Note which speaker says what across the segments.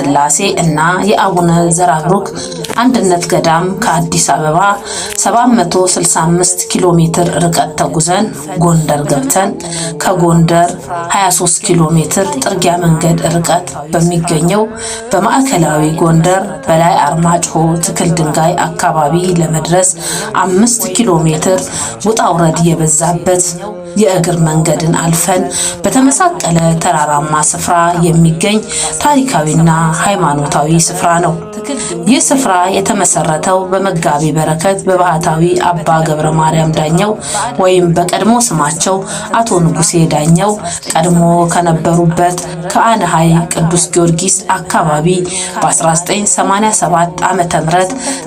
Speaker 1: ስላሴ እና የአቡነ ዘራብሩክ አንድነት ገዳም ከአዲስ አበባ 765 ኪሎ ሜትር ርቀት ተጉዘን ጎንደር ገብተን ከጎንደር 23 ኪሎ ሜትር ጥርጊያ መንገድ ርቀት በሚገኘው በማዕከላዊ ጎንደር በላይ አርማጭሆ ትክል ድንጋይ አካባቢ ለመድረስ አምስት ኪሎ ሜትር ውጣ ውረድ የበዛበት የእግር መንገድን አልፈን በተመሳቀለ ተራራማ ስፍራ የሚገኝ ታሪካዊና ሃይማኖታዊ ስፍራ ነው። ይህ ስፍራ የተመሰረተው በመጋቢ በረከት በባህታዊ አባ ገብረ ማርያም ዳኘው ወይም በቀድሞ ስማቸው አቶ ንጉሴ ዳኘው ቀድሞ ከነበሩበት ከአነሀይ ቅዱስ ጊዮርጊስ አካባቢ በ1987 ም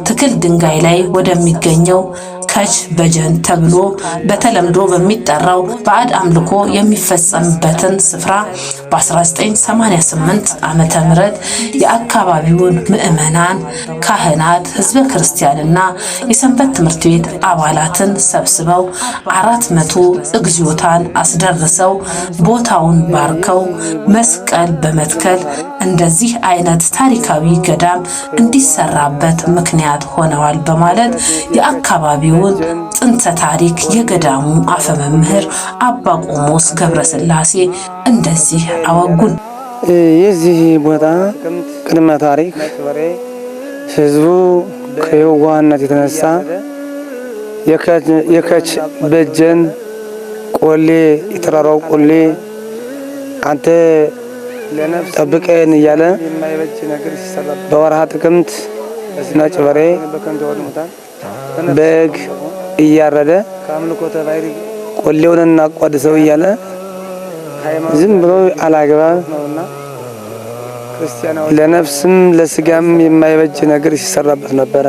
Speaker 1: ትክል ድንጋይ ላይ ወደሚገኘው ከች በጀን ተብሎ በተለምዶ በሚጠራው ባዕድ አምልኮ የሚፈጸምበትን ስፍራ በ1988 ዓመተ ም የአካባቢውን ምዕመናን፣ ካህናት፣ ህዝበ ክርስቲያንና የሰንበት ትምህርት ቤት አባላትን ሰብስበው አራት መቶ እግዚኦታን አስደርሰው ቦታውን ባርከው መስቀል በመትከል እንደዚህ አይነት ታሪካዊ ገዳም እንዲሰራበት ምክንያት ሆነዋል በማለት የአካባቢውን ጥንተ ታሪክ የገዳሙ አፈመምህር አባ ቆሞስ ገብረስላሴ እንደዚህ አወጉን።
Speaker 2: የዚህ ቦታ ቅድመ ታሪክ ህዝቡ ከየዋህነት የተነሳ የከች በጀን ቆሌ የተራራው ቆሌ አንተ ጠብቀን እያለ በወርሃ ጥቅምት ነጭ በሬ በግ እያረደ ቆሌውን እናቋድ ሰው እያለ ዝም ብሎ አላግባብ ለነፍስም ለስጋም የማይበጅ ነገር ሲሰራበት ነበረ።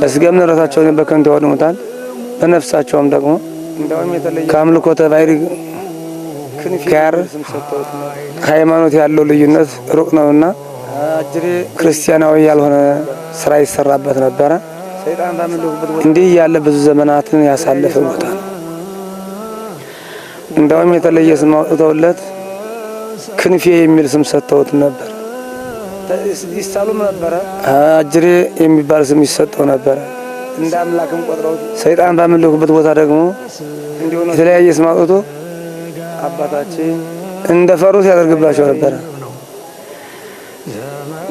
Speaker 2: በስጋም ንብረታቸውን በከንቱ ያወድሙታል፣ በነፍሳቸውም ደግሞ ከአምልኮተ ባዕድ ጋር ከሃይማኖት ያለው ልዩነት ሩቅ ነውና ክርስቲያናዊ ያልሆነ ስራ ይሰራበት ነበረ። እንዲህ ያለ ብዙ ዘመናትን ያሳለፈ ቦታ ነው። እንደውም የተለየ ስም አውጥተውለት ክንፌ የሚል ስም ሰጥተውት ነበር። ይሳሉም አጅሬ የሚባል ስም ይሰጠው ነበረ። እንደ አምላክም ቆጥረውት ሰይጣን ባመለኩበት ቦታ ደግሞ የተለያየ ስም አውጥቶ አባታችን እንደ ፈሩት ያደርግባቸው ነበረ።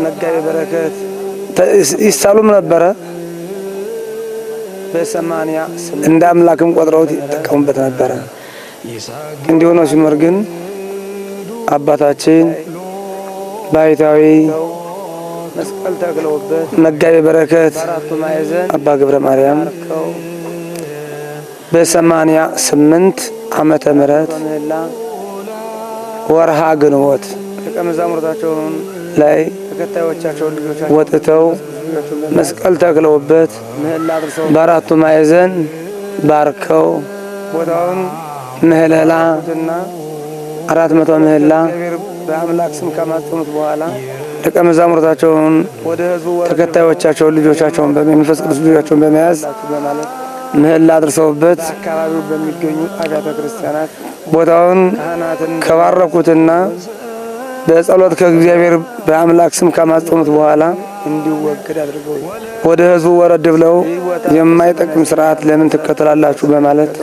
Speaker 2: መጋቢ በረከት ይሳሉም ነበረ። በሰማንያ እንደ አምላክም ቆጥረውት ይጠቀሙበት ነበረ። እንዲሆነ ሲኖር ግን አባታችን ባይታዊ መስቀል ተክለውበት መጋቢ በረከት አባ ገብረ ማርያም በሰማንያ ስምንት ዓመተ ምህረት ወርሃ ግንቦት ደቀ መዛሙርታቸውን ላይ ልጆቻቸው ወጥተው መስቀል ተክለውበት በአራቱ ማዕዘን ባርከው ቦታውን ምህለላ አራት መቶ ምህላ በአምላክ ስም ካማጠኑት በኋላ ደቀ መዛሙርታቸውን ተከታዮቻቸውን ልጆቻቸውን በመንፈስ ቅዱስ ልጆቻቸውን በመያዝ ምህላ አድርሰውበት አካባቢው በሚገኙ አብያተ ክርስቲያናት ቦታውን ከባረኩትና በጸሎት ከእግዚአብሔር በአምላክ ስም ካማጸኑት በኋላ እንዲወገድ አድርገው ወደ ህዝቡ ወረድ ብለው የማይጠቅም ስርዓት ለምን ትከተላላችሁ በማለት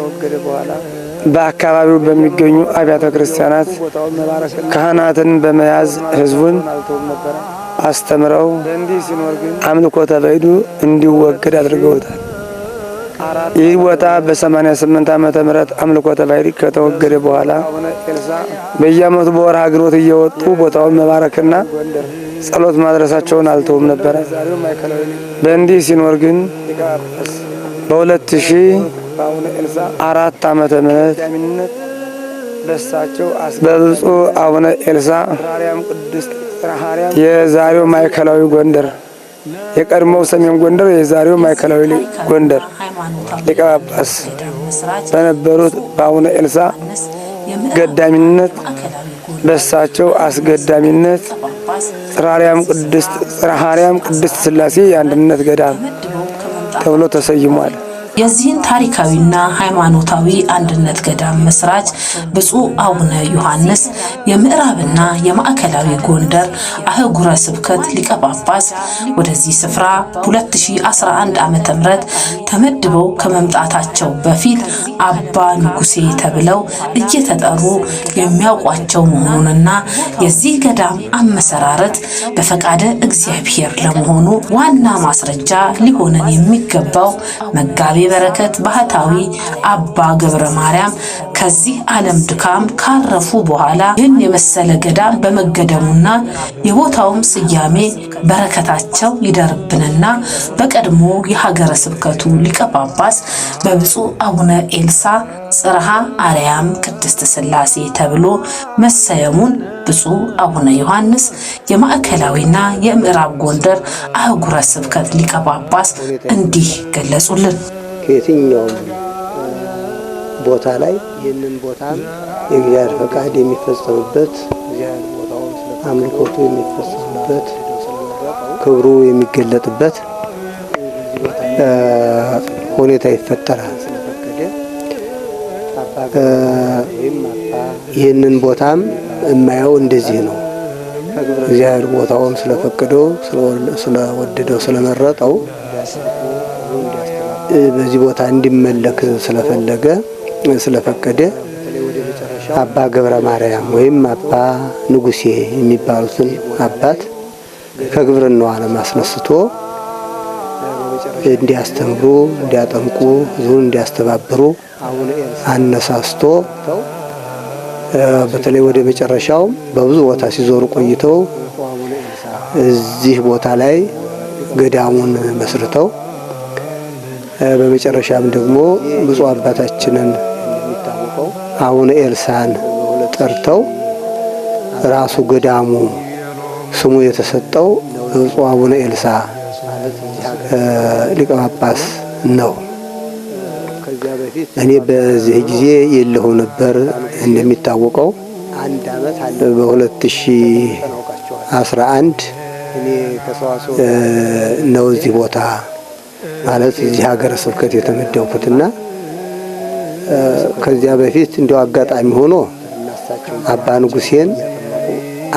Speaker 2: በአካባቢው በሚገኙ አብያተ ክርስቲያናት ካህናትን በመያዝ ህዝቡን አስተምረው አምልኮተ በይዱ እንዲወገድ አድርገውታል። ይህ ቦታ በ88 ዓመተ ምህረት አምልኮተ ባሕርይ ከተወገደ በኋላ በየአመቱ በወርሃ ግንቦት እየወጡ ቦታውን መባረክና ጸሎት ማድረሳቸውን አልተውም ነበረ። በእንዲህ ሲኖር ግን በ ሺህ አራት ዓመተ ምህረት በብፁዕ አቡነ ኤልሳ የዛሬው ማዕከላዊ ጎንደር የቀድሞው ሰሜን ጎንደር የዛሬው ማዕከላዊ ጎንደር ሊቀ ጳጳስ በነበሩት በአቡነ ኤልሳ ገዳሚነት በሳቸው አስገዳሚነት ጽርሐ ቅድስት ስላሴ የአንድነት ገዳም ተብሎ ተሰይሟል።
Speaker 1: የዚህን ታሪካዊና ሃይማኖታዊ አንድነት ገዳም መስራች ብፁዕ አቡነ ዮሐንስ የምዕራብና የማዕከላዊ ጎንደር አህጉረ ስብከት ሊቀ ጳጳስ ወደዚህ ስፍራ 2011 ዓ.ም ተመድበው ከመምጣታቸው በፊት አባ ንጉሴ ተብለው እየተጠሩ የሚያውቋቸው መሆኑንና የዚህ ገዳም አመሰራረት በፈቃደ እግዚአብሔር ለመሆኑ ዋና ማስረጃ ሊሆነን የሚገባው መጋቤ በረከት ባህታዊ አባ ገብረ ማርያም ከዚህ ዓለም ድካም ካረፉ በኋላ ይህን የመሰለ ገዳም በመገደሙና የቦታውም ስያሜ በረከታቸው ይደርብንና በቀድሞ የሀገረ ስብከቱ ሊቀ ጳጳስ በብፁዕ አቡነ ኤልሳ ጽርሃ አርያም ቅድስት ሥላሴ ተብሎ መሰየሙን ብፁዕ አቡነ ዮሐንስ የማዕከላዊና የምዕራብ ጎንደር አህጉረ ስብከት ሊቀ ጳጳስ እንዲህ ገለጹልን።
Speaker 2: ከየትኛውም ቦታ ላይ ይህንን ቦታ የእግዚአብሔር ፈቃድ የሚፈጸምበት አምልኮቱ የሚፈጸምበት ክብሩ የሚገለጥበት ሁኔታ ይፈጠራል። ይህንን ቦታም የማየው እንደዚህ ነው። እግዚአብሔር ቦታውን ስለፈቀደው ስለወደደው ስለመረጠው በዚህ ቦታ እንዲመለክ ስለፈለገ ስለፈቀደ አባ ገብረ ማርያም ወይም አባ ንጉሴ የሚባሉትን አባት ከግብርናው ዓለም አስነስቶ እንዲያስተምሩ፣ እንዲያጠምቁ፣ ህዝቡን እንዲያስተባብሩ አነሳስቶ በተለይ ወደ መጨረሻው በብዙ ቦታ ሲዞሩ ቆይተው እዚህ ቦታ ላይ ገዳሙን መስርተው በመጨረሻም ደግሞ ብፁዕ አባታችንን አቡነ ኤልሳን ጠርተው ራሱ ገዳሙ ስሙ የተሰጠው ብፁዕ አቡነ ኤልሳ ሊቀ ጳጳስ ነው። እኔ በዚህ ጊዜ የለሁ ነበር። እንደሚታወቀው በ2011 ነው እዚህ ቦታ ማለት እዚህ ሀገረ ስብከት የተመደብኩትና ከዚያ በፊት እንደው አጋጣሚ ሆኖ አባ ንጉሴን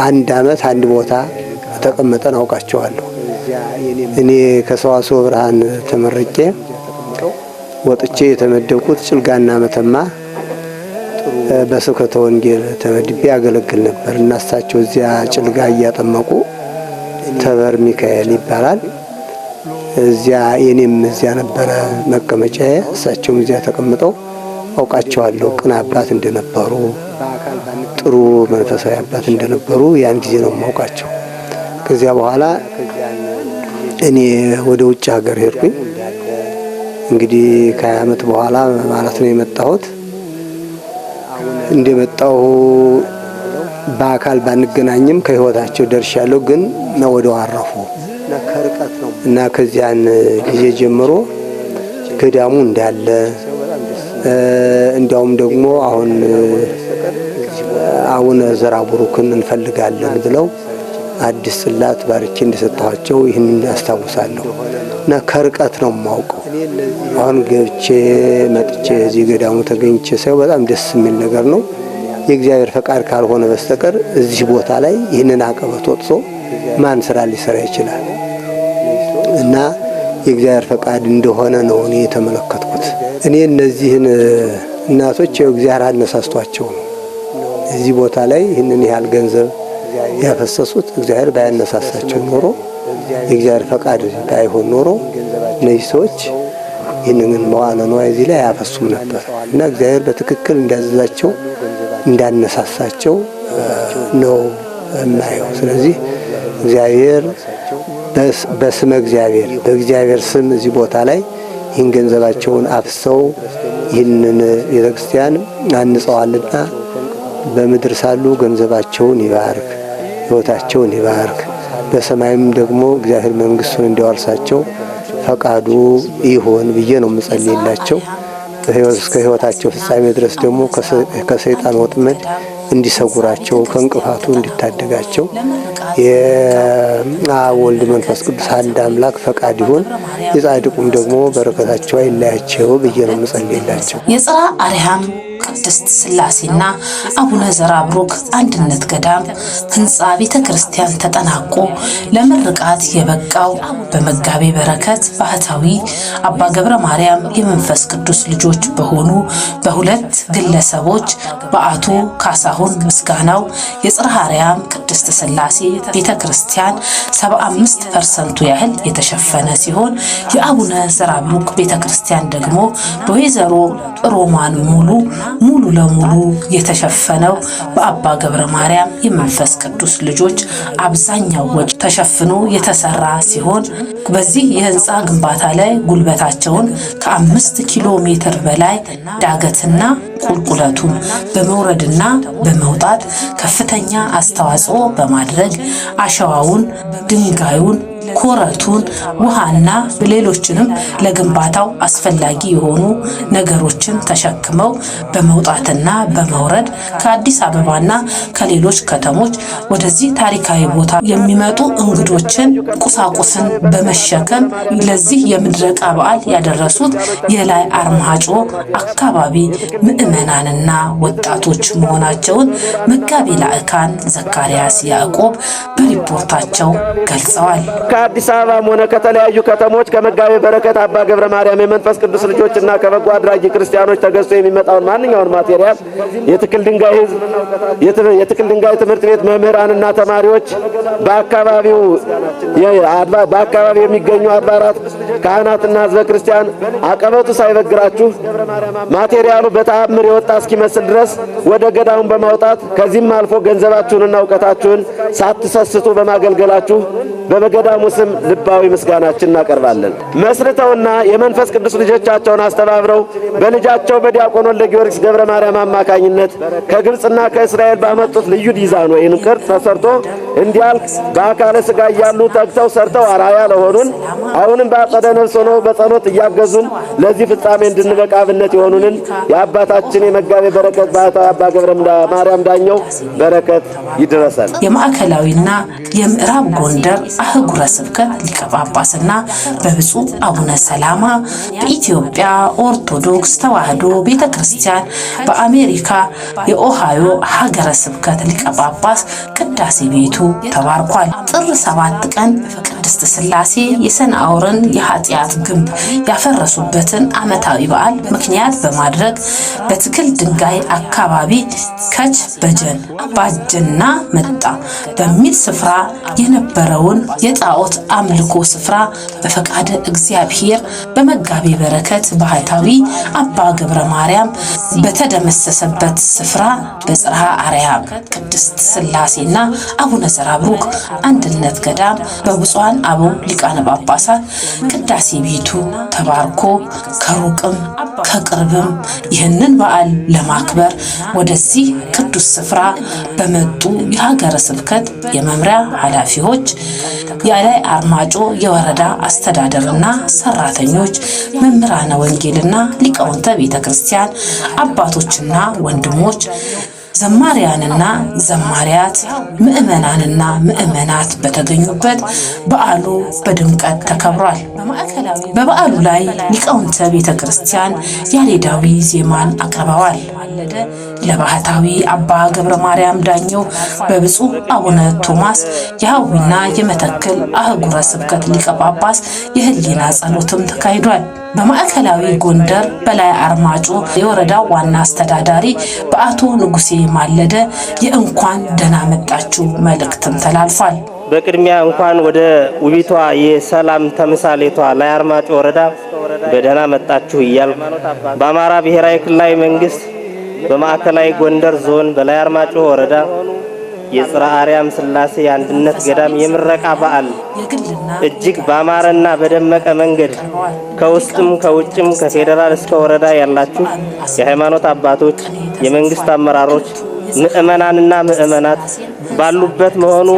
Speaker 2: አንድ አመት አንድ ቦታ ተቀመጠን አውቃቸዋለሁ። እኔ ከሰዋስወ ብርሃን ተመርቄ ወጥቼ የተመደብኩት ጭልጋና መተማ በስብከተ ወንጌል ተመድቤ ያገለግል ነበር እና እሳቸው እዚያ ጭልጋ እያጠመቁ ተበር ሚካኤል ይባላል። እዚያ የኔም እዚያ ነበረ መቀመጫ እሳቸውም እዚያ ተቀምጠው አውቃቸዋለሁ። ቅን አባት እንደነበሩ፣ ጥሩ መንፈሳዊ አባት እንደነበሩ ያን ጊዜ ነው የማውቃቸው። ከዚያ በኋላ እኔ ወደ ውጭ ሀገር ሄድኩኝ። እንግዲህ ከሀያ ዓመት በኋላ ማለት ነው የመጣሁት። እንደመጣሁ በአካል ባንገናኝም ከህይወታቸው ደርሻለሁ። ግን ነው ወደው አረፉ። እና ከዚያን ጊዜ ጀምሮ ገዳሙ እንዳለ እንዲያውም ደግሞ አሁን አቡነ ዘራ ቡሩክን እንፈልጋለን ብለው አዲስ ጽላት ባርቼ እንደሰጠኋቸው ይህን አስታውሳለሁ። እና ከርቀት ነው የማውቀው። አሁን ገብቼ መጥቼ እዚህ ገዳሙ ተገኝቼ ሳየው በጣም ደስ የሚል ነገር ነው። የእግዚአብሔር ፈቃድ ካልሆነ በስተቀር እዚህ ቦታ ላይ ይህንን አቀበት ወጥሶ ማን ስራ ሊሰራ ይችላል? እና የእግዚአብሔር ፈቃድ እንደሆነ ነው እኔ የተመለከትኩት። እኔ እነዚህን እናቶች እግዚአብሔር አነሳስቷቸው ነው እዚህ ቦታ ላይ ይህንን ያህል ገንዘብ ያፈሰሱት። እግዚአብሔር ባያነሳሳቸው ኖሮ የእግዚአብሔር ፈቃድ ባይሆን ኖሮ እነዚህ ሰዎች ይህንን መዋለ ንዋይ እዚህ ላይ አያፈሱም ነበር እና እግዚአብሔር በትክክል እንዳዘዛቸው እንዳነሳሳቸው ነው የማየው። ስለዚህ እግዚአብሔር በስመ እግዚአብሔር በእግዚአብሔር ስም እዚህ ቦታ ላይ ይህን ገንዘባቸውን አፍሰው ይህንን ቤተ ክርስቲያን አንጸዋልና በምድር ሳሉ ገንዘባቸውን ይባርክ፣ ሕይወታቸውን ይባርክ። በሰማይም ደግሞ እግዚአብሔር መንግስቱን እንዲያወርሳቸው ፈቃዱ ይሁን ብዬ ነው የምጸልይላቸው። እስከ ሕይወታቸው ፍጻሜ ድረስ ደግሞ ከሰይጣን ወጥመድ እንዲሰጉራቸው ከእንቅፋቱ እንዲታደጋቸው የአብ ወልድ መንፈስ ቅዱስ አንድ አምላክ ፈቃድ ይሁን። የጻድቁም ደግሞ በረከታቸው አይለያቸው ብዬ ነው ምጸልይላቸው።
Speaker 1: የጽራ አርያም ቅድስት ስላሴና አቡነ ዘራብሩክ አንድነት ገዳም ህንፃ ቤተ ክርስቲያን ተጠናቆ ለምርቃት የበቃው በመጋቤ በረከት ባህታዊ አባ ገብረ ማርያም የመንፈስ ቅዱስ ልጆች በሆኑ በሁለት ግለሰቦች በአቶ ካሳሁን ምስጋናው የጽርሐ አርያም ቅድስት ስላሴ ቤተ ክርስቲያን 75 ፐርሰንቱ ያህል የተሸፈነ ሲሆን የአቡነ ዘራብሩክ ቤተ ክርስቲያን ደግሞ በወይዘሮ ሮማን ሙሉ ሙሉ ለሙሉ የተሸፈነው በአባ ገብረ ማርያም የመንፈስ ቅዱስ ልጆች አብዛኛው ወጪ ተሸፍኖ የተሰራ ሲሆን በዚህ የህንፃ ግንባታ ላይ ጉልበታቸውን ከአምስት ኪሎ ሜትር በላይ ዳገትና ቁልቁለቱን በመውረድና በመውጣት ከፍተኛ አስተዋጽኦ በማድረግ አሸዋውን፣ ድንጋዩን ኮረቱን፣ ውሃና ሌሎችንም ለግንባታው አስፈላጊ የሆኑ ነገሮችን ተሸክመው በመውጣትና በመውረድ ከአዲስ አበባና ከሌሎች ከተሞች ወደዚህ ታሪካዊ ቦታ የሚመጡ እንግዶችን ቁሳቁስን በመሸከም ለዚህ የምድረቃ በዓል ያደረሱት የላይ አርማጮ አካባቢ ምዕመናንና ወጣቶች መሆናቸውን መጋቢ ላእካን ዘካርያስ ያዕቆብ በሪፖርታቸው ገልጸዋል።
Speaker 3: ከአዲስ አበባም ሆነ ከተለያዩ ከተሞች ከመጋቤ በረከት አባ ገብረ ማርያም የመንፈስ ቅዱስ ልጆች እና ከበጎ አድራጊ ክርስቲያኖች ተገዝቶ የሚመጣውን ማንኛውን ማቴሪያል የትክል ድንጋይ ህዝብ የትክል ድንጋይ ትምህርት ቤት መምህራንና ተማሪዎች በአካባቢው በአካባቢው የሚገኙ አድባራት ካህናትና ህዝበ ክርስቲያን አቀበቱ ሳይበግራችሁ ማቴሪያሉ በተአምር የወጣ እስኪመስል ድረስ ወደ ገዳሙን በማውጣት ከዚህም አልፎ ገንዘባችሁንና እውቀታችሁን ሳትሰስቱ በማገልገላችሁ በገዳሙ ስም ልባዊ ምስጋናችን እናቀርባለን። መስርተውና የመንፈስ ቅዱስ ልጆቻቸውን አስተባብረው በልጃቸው በዲያቆን ወልደ ጊዮርጊስ ገብረ ማርያም አማካኝነት ከግብፅና ከእስራኤል ባመጡት ልዩ ዲዛይን ወይም ቅርጽ ተሰርቶ እንዲያልቅ በአካለ ስጋ እያሉ ተግተው ሰርተው አራያ ለሆኑን አሁንም በአጸደ ነፍስ ሆነው በጸሎት እያገዙን ለዚህ ፍጻሜ እንድንበቃ አብነት የሆኑንን የአባታችን የመጋቤ በረከት ባህታዊ አባ ገብረ ማርያም ዳኘው በረከት ይድረሰን።
Speaker 1: የማዕከላዊና የምዕራብ ጎንደር አህጉረ ስብከት ሊቀ ጳጳስና በብፁዕ አቡነ ሰላማ በኢትዮጵያ ኦርቶዶክስ ተዋሕዶ ቤተ ክርስቲያን በአሜሪካ የኦሃዮ ሀገረ ስብከት ሊቀ ጳጳስ ቅዳሴ ቤቱ ተባርኳል። ጥር ሰባት ቀን ቅድስት ስላሴ የሰንአውርን የኃጢአት ግንብ ያፈረሱበትን ዓመታዊ በዓል ምክንያት በማድረግ በትክል ድንጋይ አካባቢ ከች በጀን ባጀና መጣ በሚል ስፍራ የነበረውን የጣዖት አምልኮ ስፍራ በፈቃደ እግዚአብሔር በመጋቤ በረከት ባህታዊ አባ ገብረ ማርያም በተደመሰሰበት ስፍራ በጽርሃ አርያም ቅድስት ስላሴና አቡነ ዘራብሩክ አንድነት ገዳም በብፁዓን አበው ሊቃነ ጳጳሳት ቅዳሴ ቤቱ ተባርኮ ከሩቅም ከቅርብም ይህንን በዓል ለማክበር ወደዚህ ቅዱስ ስፍራ በመጡ የሀገረ ስብከት የመምሪያ ኃላፊዎች፣ የላይ አርማጮ የወረዳ አስተዳደርና ሰራተኞች፣ መምህራነ ወንጌልና ሊቃውንተ ቤተ ክርስቲያን አባቶችና ወንድሞች ዘማሪያንና ዘማሪያት ምዕመናንና ምዕመናት በተገኙበት በዓሉ በድምቀት ተከብሯል። በበዓሉ ላይ ሊቃውንተ ቤተ ክርስቲያን ያሬዳዊ ዜማን አቅርበዋል። ለባህታዊ አባ ገብረ ማርያም ዳኘው በብፁዕ አቡነ ቶማስ የሐዊና የመተክል አህጉረ ስብከት ሊቀ ጳጳስ የህሊና ጸሎትም ተካሂዷል። በማዕከላዊ ጎንደር በላይ አርማጮ የወረዳው ዋና አስተዳዳሪ በአቶ ንጉሴ ማለደ የእንኳን ደህና መጣችሁ መልእክትም ተላልፏል።
Speaker 4: በቅድሚያ እንኳን ወደ ውቢቷ የሰላም ተምሳሌቷ ላይ አርማጮ ወረዳ በደህና መጣችሁ እያል በአማራ ብሔራዊ ክልላዊ መንግስት በማዕከላዊ ጎንደር ዞን በላይ አርማጮ ወረዳ የጽርሐ አርያም ሥላሴ የአንድነት ገዳም የምረቃ በዓል እጅግ ባማረና በደመቀ መንገድ ከውስጥም ከውጭም ከፌዴራል እስከ ወረዳ ያላችሁ የሃይማኖት አባቶች፣ የመንግስት አመራሮች፣ ምዕመናንና ምዕመናት ባሉበት መሆኑ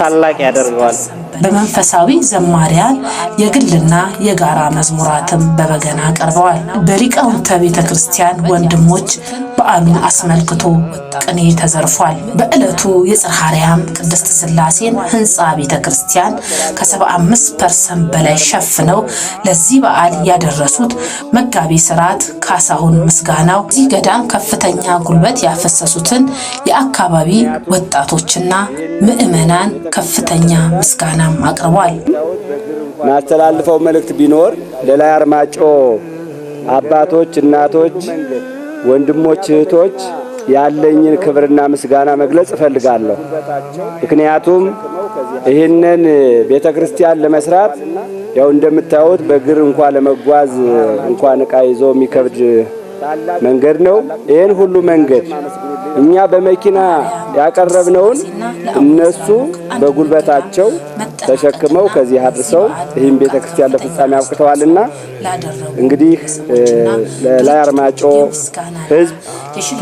Speaker 4: ታላቅ ያደርገዋል።
Speaker 1: በመንፈሳዊ ዘማሪያን የግልና የጋራ መዝሙራትም በበገና ቀርበዋል። በሊቃውንተ ቤተ ክርስቲያን ወንድሞች በዓሉን አስመልክቶ ቅኔ ተዘርፏል። በዕለቱ የጽርሐ አርያም ቅድስት ስላሴን ሕንፃ ቤተ ክርስቲያን ከ75 ፐርሰንት በላይ ሸፍነው ለዚህ በዓል ያደረሱት መጋቢ ስርዓት ካሳሁን ምስጋናው እዚህ ገዳም ከፍተኛ ጉልበት ያፈሰሱትን የአካባቢ ወጣቶችና ምዕመናን ከፍተኛ ምስጋና ምስጋናም አቅርቧል።
Speaker 4: ማስተላልፈው መልእክት ቢኖር ለላይ አርማጮ አባቶች፣ እናቶች፣ ወንድሞች፣ እህቶች ያለኝን ክብርና ምስጋና መግለጽ እፈልጋለሁ። ምክንያቱም ይህንን ቤተ ክርስቲያን ለመስራት ያው እንደምታዩት በእግር እንኳ ለመጓዝ እንኳን እቃ ይዞ የሚከብድ መንገድ ነው። ይህን ሁሉ መንገድ እኛ በመኪና ያቀረብነውን እነሱ በጉልበታቸው ተሸክመው ከዚህ አድርሰው ይህም ቤተ ክርስቲያን ለፍጻሜ አብቅተዋልና እንግዲህ ለላይ አርማጮ ሕዝብ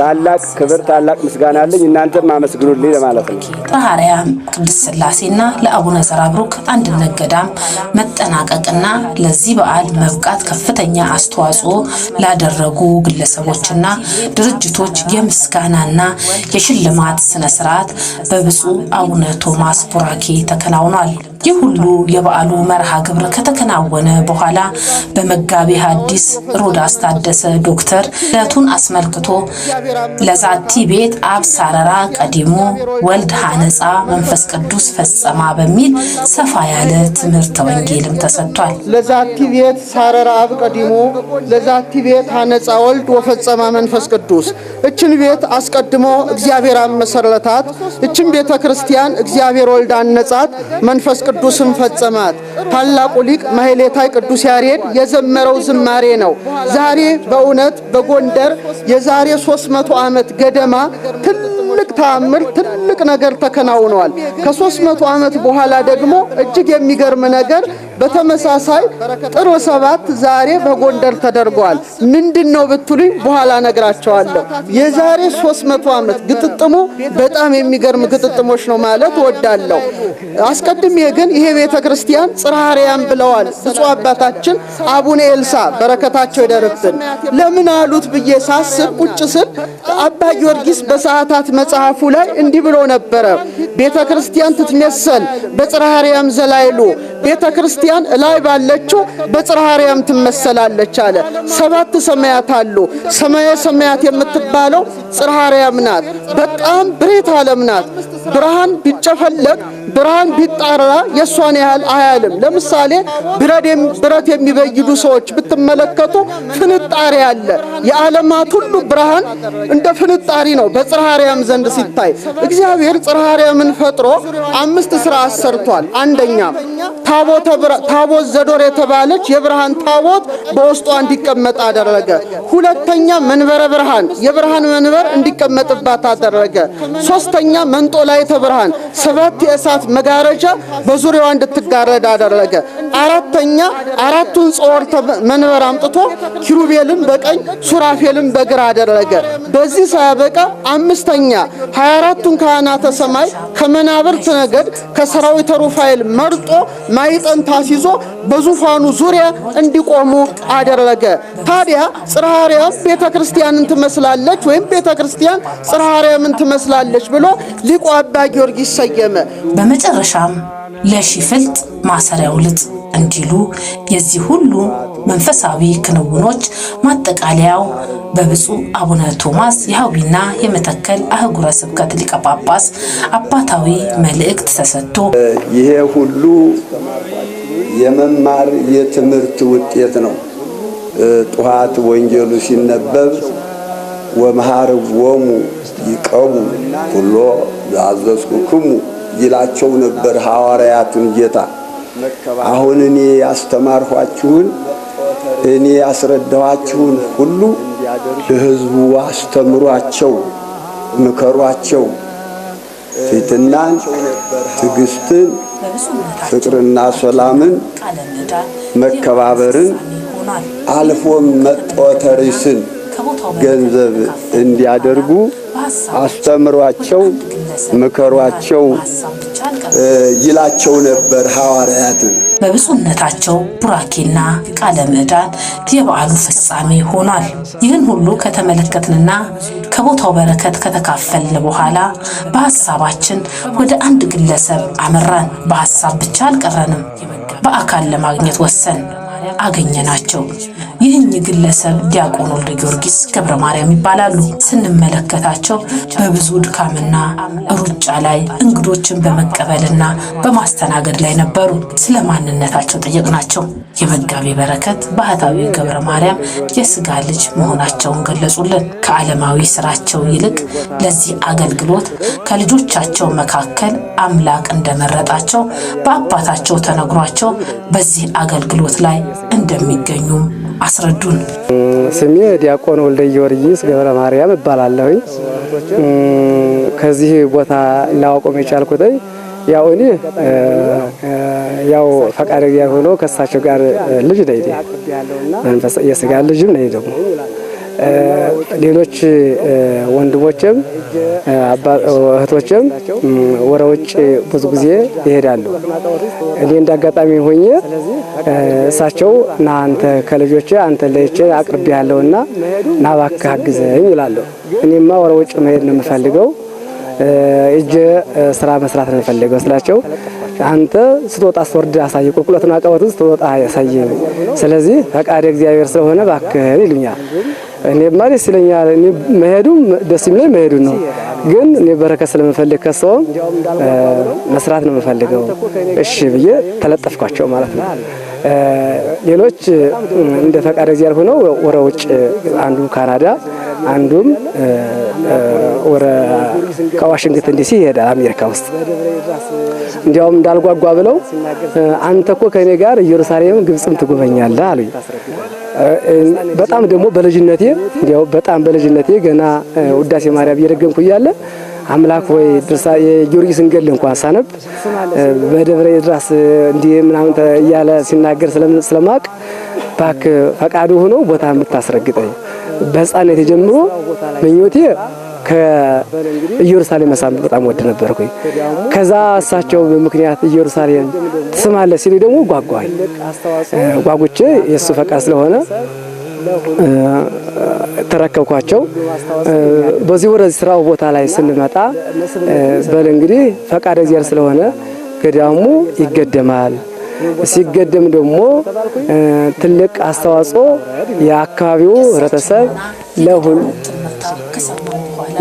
Speaker 4: ታላቅ ክብር፣ ታላቅ ምስጋና አለኝ። እናንተም አመስግኑልኝ ለማለት ነው።
Speaker 1: ባህርያም ቅድስት ስላሴና ለአቡነ ዘራብሩክ አንድነት ገዳም መጠናቀቅና ለዚህ በዓል መብቃት ከፍተኛ አስተዋጽኦ ላደረጉ ግለሰቦችና ድርጅቶች የምስጋናና የሽልማት ስነ ስርዓት በብፁዕ አቡነ ቶማስ ቡራኬ ተከናውኗል። ይህ ሁሉ የበዓሉ መርሃ ግብር ከተከናወነ በኋላ በመጋቢ ሐዲስ ሮዳስ ታደሰ ዶክተር ዕለቱን አስመልክቶ ለዛቲ ቤት አብ ሳረራ ቀዲሞ ወልድ ሐነጻ መንፈስ ቅዱስ ፈጸማ በሚል ሰፋ ያለ ትምህርተ ወንጌልም ተሰጥቷል።
Speaker 3: ለዛቲ ቤት ሳረራ አብ ቀዲሞ ለዛቲ ቤት ሐነጻ ወልድ ወፈጸማ መንፈስ ቅዱስ። እችን ቤት አስቀድሞ እግዚአብሔር አመሰረታት መሰረታት። እችን ቤተ ክርስቲያን እግዚአብሔር ወልድ አነጻት መንፈስ ቅዱስም ፈጸማት። ታላቁ ሊቅ ማህሌታይ ቅዱስ ያሬድ የዘመረው ዝማሬ ነው። ዛሬ በእውነት በጎንደር የዛሬ 300 ዓመት ገደማ ትልቅ ተአምር፣ ትልቅ ነገር ተከናውኗል። ከ300 ዓመት በኋላ ደግሞ እጅግ የሚገርም ነገር በተመሳሳይ ጥሩ ሰባት ዛሬ በጎንደር ተደርጓል። ምንድን ነው ብትሉኝ በኋላ ነግራቸዋለሁ። የዛሬ 300 ዓመት ግጥጥሙ በጣም የሚገርም ግጥጥሞች ነው ማለት ወዳለሁ። አስቀድሜ ግን ይሄ ቤተ ክርስቲያን ብለዋል ብፁዕ አባታችን አቡነ ኤልሳ በረከታቸው ይደርብን። ለምን አሉት ብዬ ሳስብ ቁጭ ስል አባ ጊዮርጊስ በሰዓታት መጽሐፉ ላይ እንዲህ ብሎ ነበረ ቤተ ክርስቲያን ትትሜሰል በጽራሪያም ዘላይሉ ቤተ ክርስቲያን ክርስቲያን ላይ ባለችው በጽርሐ አርያም ትመሰላለች አለ። ሰባት ሰማያት አሉ። ሰማየ ሰማያት የምትባለው ጽርሐ አርያም ናት። በጣም ብሬት ዓለም ናት። ብርሃን ቢጨፈለቅ ብርሃን ቢጣራ የእሷን ያህል አያልም። ለምሳሌ ብረት የሚበይዱ ሰዎች ብትመለከቱ ፍንጣሪ አለ። የዓለማት ሁሉ ብርሃን እንደ ፍንጣሪ ነው በጽርሐ አርያም ዘንድ ሲታይ። እግዚአብሔር ጽርሐ አርያምን ፈጥሮ አምስት ሥራ አሰርቷል። አንደኛ ታቦተ ታቦት ዘዶር የተባለች የብርሃን ታቦት በውስጧ እንዲቀመጥ አደረገ። ሁለተኛ መንበረ ብርሃን የብርሃን መንበር እንዲቀመጥባት አደረገ። ሶስተኛ መንጦላይተ ብርሃን ሰባት የእሳት መጋረጃ በዙሪያዋ እንድትጋረድ አደረገ። አራተኛ አራቱን ጸወርተ መንበር አምጥቶ ኪሩቤልን በቀኝ ሱራፌልን በግራ አደረገ። በዚህ ሳያበቃ አምስተኛ 24ቱን ካህናተ ሰማይ ከመናብርት ነገድ ከሰራዊተ ሩፋኤል መርጦ ማይጠን ታስይዞ በዙፋኑ ዙሪያ እንዲቆሙ አደረገ። ታዲያ ጽርሐ አርያም ቤተ ክርስቲያንን ትመስላለች ወይም ቤተ ክርስቲያን ጽርሐ አርያምን ትመስላለች ብሎ ሊቁ አባ ጊዮርጊስ ሰየመ።
Speaker 1: በመጨረሻም ለሺ ፍልጥ ማሰሪያው ልጥ እንዲሉ የዚህ ሁሉ መንፈሳዊ ክንውኖች ማጠቃለያው በብፁዕ አቡነ ቶማስ የሐዊና የመተከል አህጉረ ስብከት ሊቀ ጳጳስ አባታዊ መልእክት ተሰጥቶ
Speaker 5: ይሄ ሁሉ የመማር የትምህርት ውጤት ነው። ጠዋት ወንጌሉ ሲነበብ ወመሃርዎሙ ይቀቡ ሁሎ ዛዘዝኩክሙ ይላቸው ነበር ሐዋርያቱን ጌታ አሁን እኔ ያስተማርኋችሁን እኔ ያስረዳኋችሁን ሁሉ ለሕዝቡ አስተምሯቸው፣ ምከሯቸው። ፊትናን ትዕግስትን፣ ፍቅርና ሰላምን፣ መከባበርን አልፎም መጦተሪስን ገንዘብ እንዲያደርጉ አስተምሯቸው፣ ምከሯቸው ይላቸው ነበር ሐዋርያት።
Speaker 1: በብፁዕነታቸው ቡራኬና ቃለ ምዕዳን የበዓሉ ፍጻሜ ሆኗል። ይህን ሁሉ ከተመለከትንና ከቦታው በረከት ከተካፈልን በኋላ በሐሳባችን ወደ አንድ ግለሰብ አመራን። በሐሳብ ብቻ አልቀረንም፣ በአካል ለማግኘት ወሰን አገኘ ናቸው። ይህን ግለሰብ ዲያቆን ወልደ ጊዮርጊስ ገብረ ማርያም ይባላሉ። ስንመለከታቸው በብዙ ድካምና ሩጫ ላይ እንግዶችን በመቀበልና በማስተናገድ ላይ ነበሩ። ስለ ማንነታቸው ጠየቅናቸው። የመጋቤ በረከት ባህታዊ ገብረ ማርያም የስጋ ልጅ መሆናቸውን ገለጹልን። ከዓለማዊ ስራቸው ይልቅ ለዚህ አገልግሎት ከልጆቻቸው መካከል አምላክ እንደመረጣቸው በአባታቸው ተነግሯቸው በዚህ አገልግሎት ላይ እንደሚገኙም አስረዱን።
Speaker 6: ስሜ ዲያቆን ወልደ ጊዮርጊስ ገብረ ማርያም እባላለሁኝ። ከዚህ ቦታ ላውቆም የቻልኩትኝ ያው እኔ ያው ፈቃደኛ ሆኖ ከእሳቸው ጋር ልጅ ነኝ፣ የስጋ ልጅም ነኝ ደግሞ ሌሎች ወንድሞችም እህቶችም ወደ ውጭ ብዙ ጊዜ ይሄዳሉ። እኔ እንደ አጋጣሚ ሆኜ እሳቸው ና አንተ ከልጆች አንተ ለይቼ አቅርቤ ያለውና ና እባክህ አግዘኝ ይላሉ። እኔማ ወደ ውጭ መሄድ ነው የምፈልገው እጄ ስራ መስራት ነው የምፈልገው ስላቸው አንተ ስትወጣ ስትወርድ አሳየ፣ ቁልቁለቱን አቀበቱን ስትወጣ ያሳየ። ስለዚህ ፈቃድ እግዚአብሔር ስለሆነ እባክህን ይሉኛል። እኔማ ደስ ይለኛል። መሄዱ ደስ የሚለኝ መሄዱ ነው። ግን እኔ በረከት ስለምፈልግ ከሰውም መስራት ነው የምፈልገው። እሺ ብዬ ተለጠፍኳቸው ማለት ነው። ሌሎች እንደ ፈቃድ እግዚአብሔር ሆነው ወደ ውጭ አንዱ ካናዳ አንዱም ወረ ከዋሽንግተን ዲሲ ይሄዳል አሜሪካ ውስጥ እንዲያውም እንዳልጓጓ ብለው አንተ እኮ ከኔ ጋር ኢየሩሳሌም ግብጽም ትጎበኛለህ አሉኝ። በጣም ደግሞ በልጅነቴ እንዲያው በጣም በልጅነቴ ገና ውዳሴ ማርያም እየደገምኩ እያለ አምላክ ወይ ድርሳ የጊዮርጊስን እንገል እንኳን ሳነብ በደብረ ኤድራስ እንዲህ ምናምን እያለ ሲናገር ስለማቅ ባክ ፈቃዱ ሆኖ ቦታ ብታስረግጠኝ በሕፃንነቴ ጀምሮ ምኞቴ ከኢየሩሳሌም መሳም በጣም ወድ ነበርኩኝ። ከዛ እሳቸው ምክንያት ኢየሩሳሌም ትስማለህ ሲሉ ደግሞ ጓጓኝ ጓጉቼ የእሱ ፈቃድ ስለሆነ ተረከብኳቸው። በዚህ ወደ ስራው ቦታ ላይ ስንመጣ በል እንግዲህ ፈቃደ እግዚአብሔር ስለሆነ ገዳሙ ይገደማል። ሲገደም ደግሞ ትልቅ አስተዋጽኦ የአካባቢው ህብረተሰብ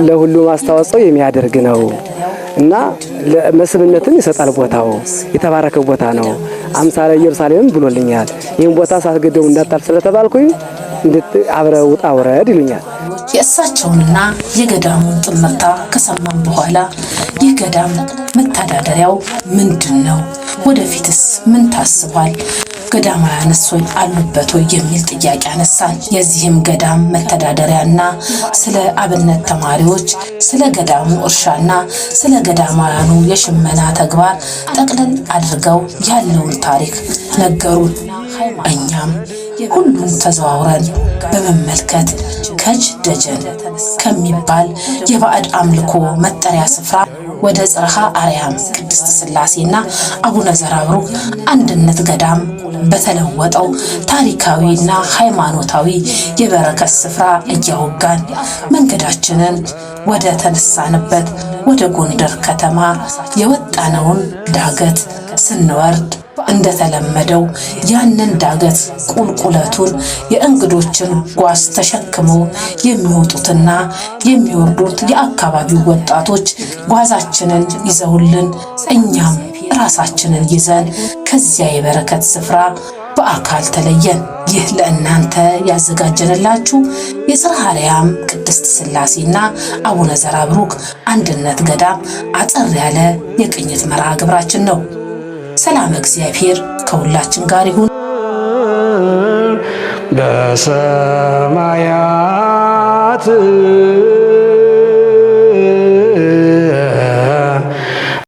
Speaker 6: ለሁሉም አስተዋጽኦ የሚያደርግ ነው እና መስህብነትን ይሰጣል። ቦታው የተባረከ ቦታ ነው። አምሳለ ኢየሩሳሌም ብሎልኛል። ይህን ቦታ ሳስገደሙ እንዳጣል ስለተባልኩኝ አብረ ውጣ ውረድ ይሉኛል።
Speaker 1: የእሳቸውንና የገዳሙን ጥመታ ከሰማን በኋላ ይህ ገዳም መተዳደሪያው ምንድን ነው? ወደፊትስ ምን ታስቧል? ገዳማውያን አሉበት ወይ የሚል ጥያቄ አነሳን። የዚህም ገዳም መተዳደሪያና ስለ አብነት ተማሪዎች፣ ስለ ገዳሙ እርሻና ስለ ገዳማውያኑ የሽመና ተግባር ጠቅለል አድርገው ያለውን ታሪክ ነገሩን። እኛም ሁሉን ተዘዋውረን በመመልከት ከጅ ደጀን ከሚባል የባዕድ አምልኮ መጠሪያ ስፍራ ወደ ጽርሃ አርያም ቅድስት ስላሴና አቡነ ዘራብሩ አንድነት ገዳም በተለወጠው ታሪካዊና ሃይማኖታዊ የበረከት ስፍራ እያወጋን መንገዳችንን ወደ ተነሳንበት ወደ ጎንደር ከተማ የወጣነውን ዳገት ስንወርድ እንደተለመደው ያንን ዳገት ቁልቁለቱን የእንግዶችን ጓዝ ተሸክመው የሚወጡትና የሚወርዱት የአካባቢው ወጣቶች ጓዛችንን ይዘውልን እኛም ራሳችንን ይዘን ከዚያ የበረከት ስፍራ በአካል ተለየን። ይህ ለእናንተ ያዘጋጀንላችሁ የጽርሐ አርያም ቅድስት ሥላሴና አቡነ ዘራ ብሩክ አንድነት ገዳም አጠር ያለ የቅኝት መርሃ ግብራችን ነው። ሰላም እግዚአብሔር ከሁላችን ጋር ይሁን። በሰማያት